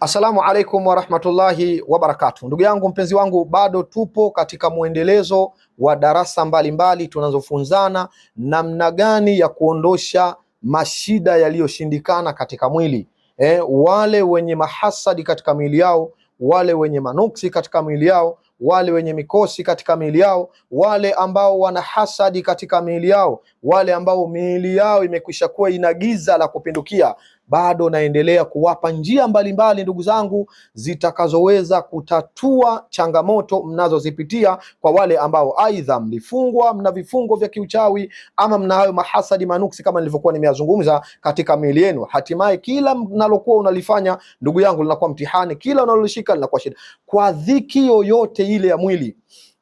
Assalamu alaikum warahmatullahi wabarakatu, ndugu yangu mpenzi wangu, bado tupo katika mwendelezo wa darasa mbalimbali tunazofunzana namna gani ya kuondosha mashida yaliyoshindikana katika mwili eh, wale wenye mahasadi katika miili yao, wale wenye manuksi katika miili yao wale wenye mikosi katika miili yao, wale ambao wana hasadi katika miili yao, wale ambao miili yao imekwisha kuwa ina giza la kupindukia. Bado naendelea kuwapa njia mbalimbali ndugu zangu, zitakazoweza kutatua changamoto mnazozipitia kwa wale ambao aidha mlifungwa, mna vifungo vya kiuchawi ama mna hayo mahasadi manuksi kama nilivyokuwa nimeyazungumza katika miili yenu. Hatimaye kila mnalokuwa unalifanya ndugu yangu linakuwa mtihani, kila unalolishika linakuwa shida, kwa dhiki yoyote Ile Amwili.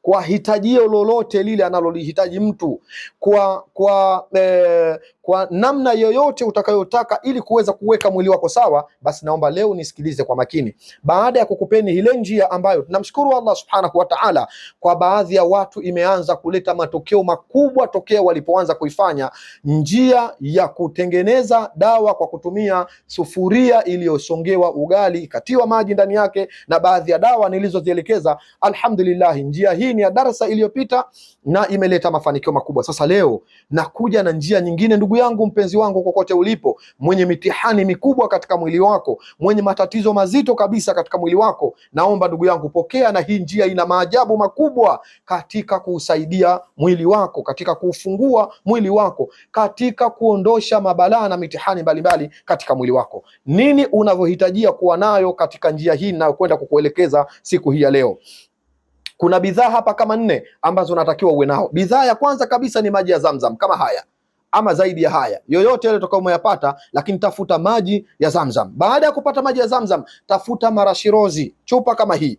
kwa hitajio lolote lile analolihitaji mtu kwa kwa e, kwa namna yoyote utakayotaka ili kuweza kuweka mwili wako sawa, basi naomba leo nisikilize kwa makini, baada ya kukupeni ile njia ambayo tunamshukuru Allah subhanahu wa ta'ala, kwa baadhi ya watu imeanza kuleta matokeo makubwa tokea walipoanza kuifanya njia ya kutengeneza dawa kwa kutumia sufuria iliyosongewa ugali, ikatiwa maji ndani yake na baadhi ya dawa nilizozielekeza. Alhamdulillah, njia hii ni ya darasa iliyopita na imeleta mafanikio makubwa. Sasa leo nakuja na njia nyingine, ndugu yangu, mpenzi wangu, kokote ulipo, mwenye mitihani mikubwa katika mwili wako, mwenye matatizo mazito kabisa katika mwili wako, naomba ndugu yangu, pokea na hii njia ina maajabu makubwa katika kuusaidia mwili wako, katika kuufungua mwili wako, katika kuondosha mabalaa na mitihani mbalimbali katika mwili wako. Nini unavyohitajia kuwa nayo katika njia hii ninayokwenda kukuelekeza siku hii ya leo? Kuna bidhaa hapa kama nne ambazo unatakiwa uwe nao. Bidhaa ya kwanza kabisa ni maji ya Zamzam kama haya ama zaidi ya haya yoyote yale utakayoyapata, lakini tafuta maji ya Zamzam. Baada ya kupata maji ya Zamzam, tafuta marashirozi chupa kama hii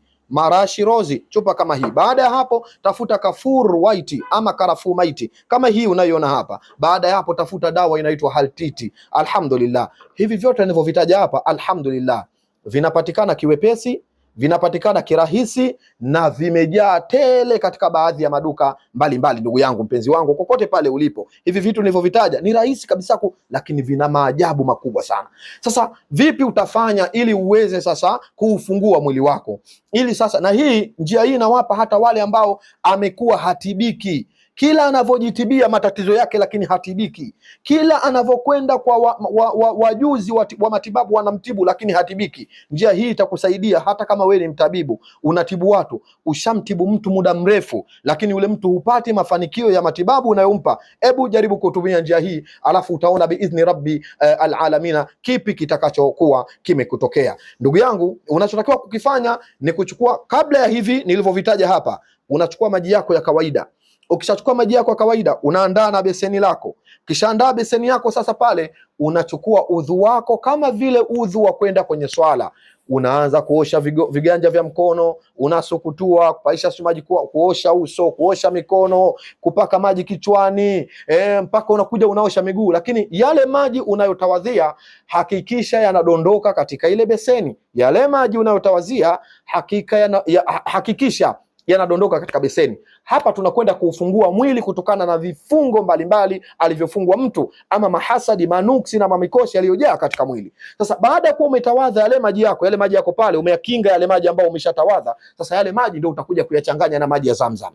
rozi chupa kama hii. Baada ya hapo, tafuta kafur white ama karafu maiti kama hii unayoona hapa. Baada ya hapo, tafuta dawa inaitwa haltiti. Alhamdulillah, hivi vyote ninavyovitaja hapa, alhamdulillah, vinapatikana kiwepesi vinapatikana kirahisi na vimejaa tele katika baadhi ya maduka mbalimbali. Ndugu yangu, mpenzi wangu, kokote pale ulipo, hivi vitu nilivyovitaja ni rahisi kabisa ku, lakini vina maajabu makubwa sana. Sasa vipi utafanya ili uweze sasa kuufungua mwili wako ili sasa, na hii njia hii inawapa hata wale ambao amekuwa hatibiki kila anavyojitibia matatizo yake, lakini hatibiki. Kila anavyokwenda kwa wajuzi wa, wa, wajuzi wa, wa matibabu wanamtibu, lakini hatibiki. Njia hii itakusaidia hata kama wewe ni mtabibu, unatibu watu, ushamtibu mtu muda mrefu, lakini yule mtu hupati mafanikio ya matibabu unayompa. Hebu jaribu kutumia njia hii, alafu utaona biidhni rabbi eh, alalamina kipi kitakachokuwa kimekutokea. Ndugu yangu, unachotakiwa kukifanya ni kuchukua, kabla ya hivi nilivyovitaja hapa, unachukua maji yako ya kawaida Ukishachukua maji yako ya kawaida unaandaa na beseni lako, kishaandaa beseni yako sasa, pale unachukua udhu wako kama vile udhu wa kwenda kwenye swala, unaanza kuosha viganja vya mkono, unasukutua, kupaisha maji, kuosha uso, kuosha mikono, kupaka maji kichwani, e, mpaka unakuja unaosha miguu. Lakini yale maji unayotawadhia hakikisha yanadondoka katika ile beseni. Yale maji unayotawazia hakika yana, ya, hakikisha yanadondoka katika beseni. Hapa tunakwenda kuufungua mwili kutokana na vifungo mbalimbali alivyofungwa mtu, ama mahasadi, manuksi na mamikosi yaliyojaa katika mwili. Sasa baada ya kuwa umetawadha yale maji yako, yale maji yako pale umeyakinga yale maji ambayo umeshatawadha, sasa yale maji ndio utakuja kuyachanganya na maji ya Zamzam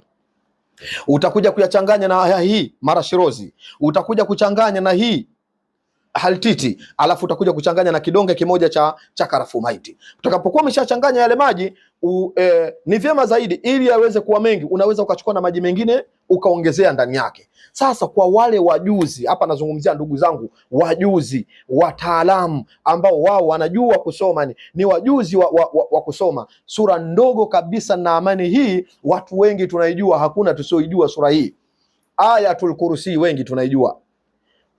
utakuja kuyachanganya na haya hii marashirozi, utakuja kuchanganya na hii haltiti, alafu utakuja kuchanganya na kidonge kimoja cha cha karafumaiti. Utakapokuwa umeshachanganya yale maji, u, e, ni vyema zaidi ili yaweze kuwa mengi, unaweza ukachukua na maji mengine ukaongezea ndani yake. Sasa kwa wale wajuzi hapa, nazungumzia ndugu zangu wajuzi, wataalamu ambao wao wanajua kusoma, ni, ni wajuzi wa, wa, wa, wa kusoma sura ndogo kabisa na amani hii, watu wengi tunaijua, hakuna tusioijua sura hii. Ayatul Kursi wengi tunaijua,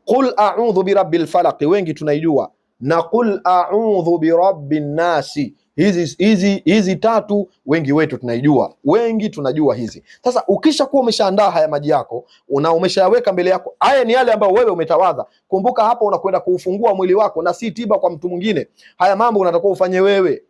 qul a'udhu birabbil falaq wengi tunaijua, na qul a'udhu birabbin nasi hizi hizi hizi tatu wengi wetu tunaijua, wengi tunajua hizi. Sasa ukisha kuwa umeshaandaa haya maji yako na umeshayaweka mbele yako, haya ni yale ambayo wewe umetawadha. Kumbuka hapa unakwenda kuufungua mwili wako na si tiba kwa mtu mwingine. Haya mambo unatakiwa ufanye wewe.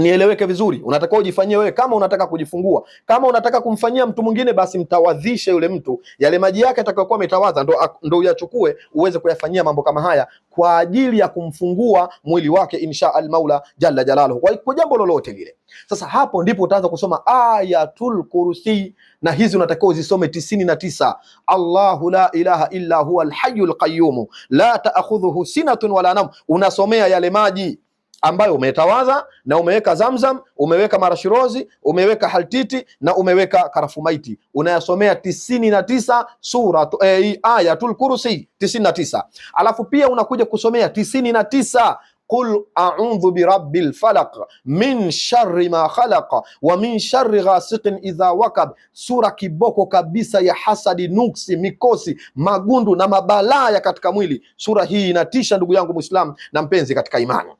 Nieleweke vizuri, unataka ujifanyie wewe kama unataka kujifungua. Kama unataka kumfanyia mtu mwingine, basi mtawadhishe yule mtu, yale maji yake atakayokuwa ametawadha ndo, ndo uyachukue uweze kuyafanyia mambo kama haya kwa ajili ya kumfungua mwili wake insha almaula jalla jalaluhu, kwa jambo lolote lile. Sasa hapo ndipo utaanza kusoma Ayatul Kursi, na hizi unatakiwa uzisome tisini na tisa. Allahu la ilaha illa huwa alhayyul qayyum la ta'khudhuhu sinatun wala nawm, unasomea yale maji ambayo umetawadha na umeweka Zamzam, umeweka marashirozi, umeweka haltiti na umeweka karafumaiti, unayasomea tisini na tisa sura e, eh, Ayatul Kursi tisini na tisa alafu pia unakuja kusomea tisini na tisa Qul a'udhu rabbil falaq min sharri ma khalaq wa min sharri ghasiqin idha waqab, sura kiboko kabisa ya hasadi, nuksi, mikosi, magundu na mabalaa katika mwili. Sura hii inatisha ndugu yangu Muislam na mpenzi katika imani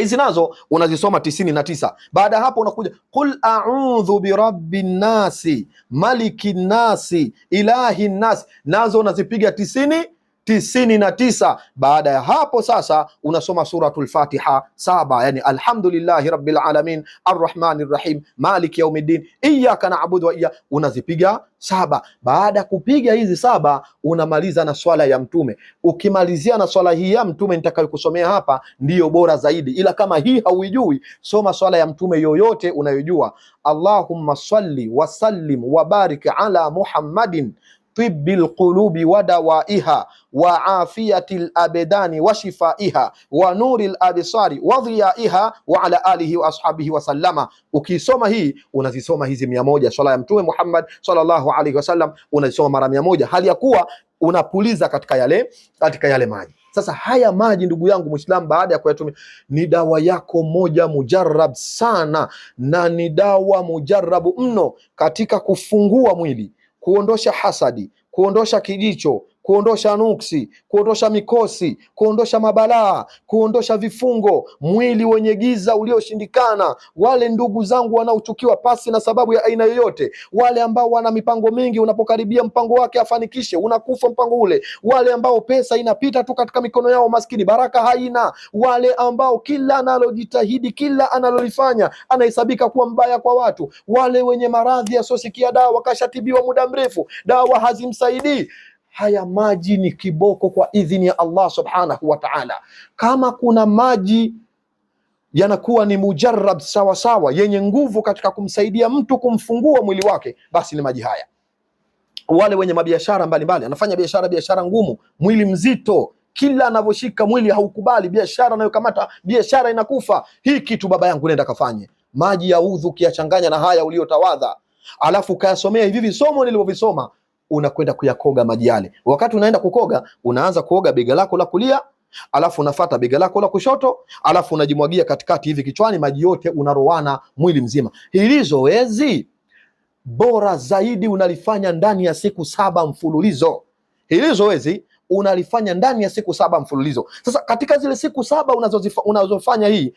hizi nazo unazisoma tisini na tisa. Baada ya hapo unakuja qul a'udhu birabbi nnasi maliki nnasi ilahi nnasi, nazo unazipiga tisini tisini na tisa. Baada ya hapo sasa unasoma suratul Fatiha saba, yani alhamdulillahi rabbil alamin arrahmani rrahim maliki yaumiddin iyyaka na'budu wa iya, unazipiga saba. Baada ya kupiga hizi saba unamaliza na swala ya Mtume. Ukimalizia na swala hii ya Mtume nitakayokusomea hapa ndiyo bora zaidi, ila kama hii hauijui, soma swala ya Mtume yoyote unayojua. Allahumma salli wasallim wabarik ala Muhammadin qulubi lqulubi wadawaiha wa afiyati abdani wa shifaiha wa nuri absari wa dhiyaiha wa ala alihi wa ashabihi sallama. Ukisoma hii unazisoma hizi mia moja swala ya Mtume Muhammad sallallahu alaihi wasallam unazisoma mara mia moja hali ya kuwa unapuliza katika yale, katika yale maji. Sasa haya maji ndugu yangu Muislamu, baada ya kuyatumia ni dawa yako moja mujarab sana, na ni dawa mujarabu mno katika kufungua mwili kuondosha hasadi, kuondosha kijicho, kuondosha nuksi, kuondosha mikosi, kuondosha mabalaa, kuondosha vifungo, mwili wenye giza ulioshindikana. Wale ndugu zangu wanaochukiwa pasi na sababu ya aina yoyote, wale ambao wana mipango mingi, unapokaribia mpango wake afanikishe, unakufa mpango ule. Wale ambao pesa inapita tu katika mikono yao, maskini, baraka haina. Wale ambao kila analojitahidi, kila analolifanya anahesabika kuwa mbaya kwa watu, wale wenye maradhi asiosikia dawa, wakashatibiwa muda mrefu, dawa hazimsaidii haya maji ni kiboko kwa idhini ya Allah subhanahu wa ta'ala. Kama kuna maji yanakuwa ni mujarrab sawasawa, yenye nguvu katika kumsaidia mtu kumfungua mwili wake, basi ni maji haya. Wale wenye mabiashara mbalimbali, anafanya biashara, biashara ngumu, mwili mzito kila anavyoshika mwili haukubali, biashara anayokamata biashara inakufa. Hii kitu baba yangu, nenda kafanye maji ya udhu, ukiyachanganya na haya uliyotawadha, alafu ukayasomea hivi visomo nilivyovisoma unakwenda kuyakoga maji yale. Wakati unaenda kukoga, unaanza kuoga bega lako la kulia, alafu unafata bega lako la kushoto, alafu unajimwagia katikati hivi kichwani, maji yote unarowana mwili mzima. Hili zoezi bora zaidi unalifanya ndani ya siku saba mfululizo. Hili zoezi unalifanya ndani ya siku saba mfululizo. Sasa katika zile siku saba unazofanya hii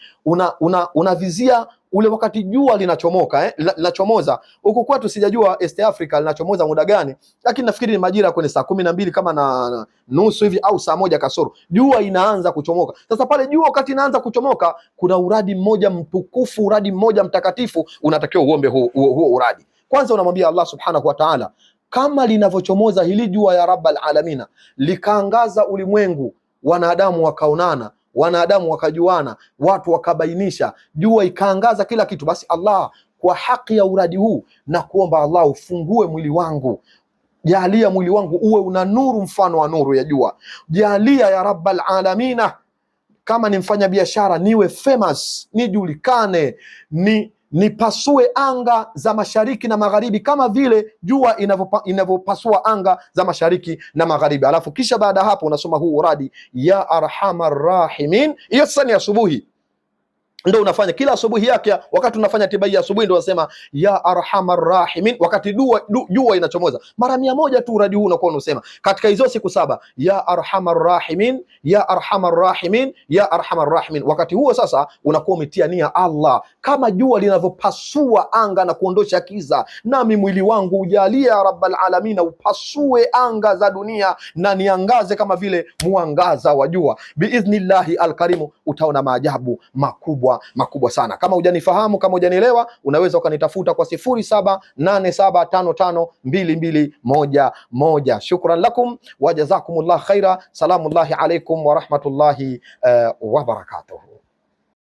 unavizia, una, una ule wakati jua linachomoka eh, linachomoza huku kwetu, sijajua East Africa linachomoza muda gani, lakini nafikiri ni majira kwenye saa kumi na mbili kama na, na nusu hivi au saa moja kasoro jua inaanza kuchomoka. Sasa pale jua wakati inaanza kuchomoka, kuna uradi mmoja mtukufu, uradi mmoja mtakatifu, unatakiwa uombe huo, huo, huo uradi. Kwanza unamwambia Allah subhanahu wa ta'ala kama linavyochomoza hili jua ya rabbal alamina, likaangaza ulimwengu, wanadamu wakaonana, wanadamu wakajuana, watu wakabainisha, jua ikaangaza kila kitu, basi Allah kwa haki ya uradi huu na kuomba Allah, ufungue mwili wangu, jalia mwili wangu uwe una nuru mfano wa nuru ya jua, jalia ya rabbal alamina. Kama ni mfanya biashara niwe famous, nijulikane, ni nipasue anga za mashariki na magharibi kama vile jua inavyopasua anga za mashariki na magharibi. Alafu kisha baada hapo unasoma huu uradi ya arhamar rahimin. Hiyo sasa ni asubuhi ndo unafanya kila asubuhi yake, wakati unafanya tiba hii asubuhi, ndo unasema ya arhamar rahimin, wakati dua jua inachomoza mara mia moja tu uradi huu unakuwa unasema katika hizo siku saba, ya arhamar rahimin, ya arhamar rahimin, ya arhamar rahimin. Wakati huo sasa unakuwa umetia nia Allah, kama jua linavyopasua anga na kuondosha kiza, nami mwili wangu ujalia rabbal alamin, upasue anga za dunia na niangaze kama vile mwangaza wa jua. Biidhnillahi alkarimu, utaona maajabu makubwa makubwa sana. Kama hujanifahamu, kama hujanielewa, unaweza ukanitafuta kwa sifuri saba nane saba tano tano mbili mbili moja moja. Shukran lakum jazakumullah khaira. Salamullahi alaikum warahmatullahi uh, eh, wabarakatuhu.